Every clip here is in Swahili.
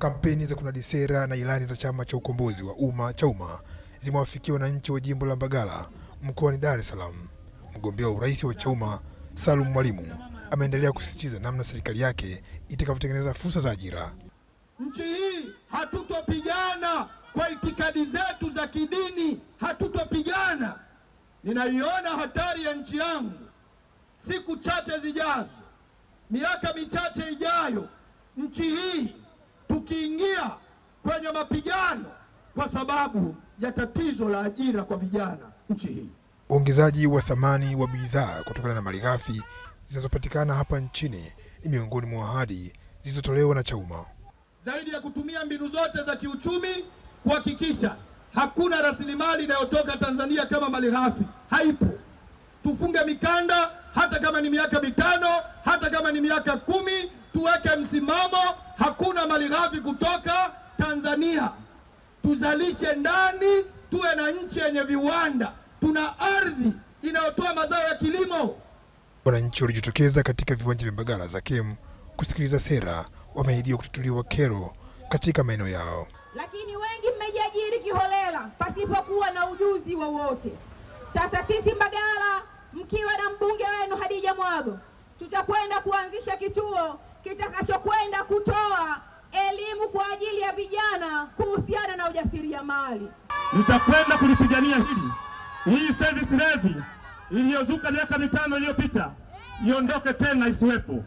Kampeni za kunadi sera na ilani za Chama cha Ukombozi wa Umma CHAUMMA zimewafikia wananchi wa jimbo la Mbagala mkoani Dar es Salaam. Mgombea wa urais wa CHAUMMA Salum Mwalimu ameendelea kusisitiza namna serikali yake itakavyotengeneza fursa za ajira. Nchi hii hatutopigana kwa itikadi zetu za kidini, hatutopigana. Ninaiona hatari ya nchi yangu siku chache zijazo, miaka michache ijayo, nchi hii tukiingia kwenye mapigano kwa sababu ya tatizo la ajira kwa vijana nchi hii. Uongezaji wa thamani wa bidhaa kutokana na malighafi zinazopatikana hapa nchini ni miongoni mwa ahadi zilizotolewa na Chauma, zaidi ya kutumia mbinu zote za kiuchumi kuhakikisha hakuna rasilimali inayotoka Tanzania kama malighafi, haipo. Tufunge mikanda, hata kama ni miaka mitano, hata kama ni miaka kumi, tuweke msimamo malighafi kutoka Tanzania, tuzalishe ndani, tuwe na nchi yenye viwanda, tuna ardhi inayotoa mazao ya kilimo. Wananchi walijitokeza katika viwanja vya Mbagala Kemu kusikiliza sera, wameahidiwa kutatuliwa kero katika maeneo yao, lakini wengi mmejiajiri kiholela pasipokuwa na ujuzi wowote. Sasa sisi Mbagala, mkiwa na mbunge wenu Hadija Mwago, tutakwenda kuanzisha kituo kitakachokwenda kutoa elimu kwa ajili ya vijana kuhusiana na ujasiriamali. Nitakwenda kulipigania hili, hii service levy iliyozuka miaka mitano iliyopita iondoke tena, isiwepo.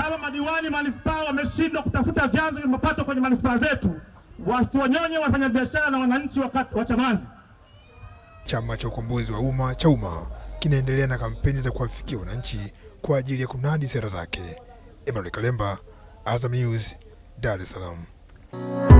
Kama madiwani manispaa wameshindwa kutafuta vyanzo vya mapato kwenye manispaa zetu, wasionyonye wafanyabiashara na wananchi wa Chamazi. Chama cha Ukombozi wa Umma cha umma kinaendelea na kampeni za kuwafikia wananchi kwa ajili ya kunadi sera zake. Emmanuel Kalemba, Azam News. Dar es Salaam.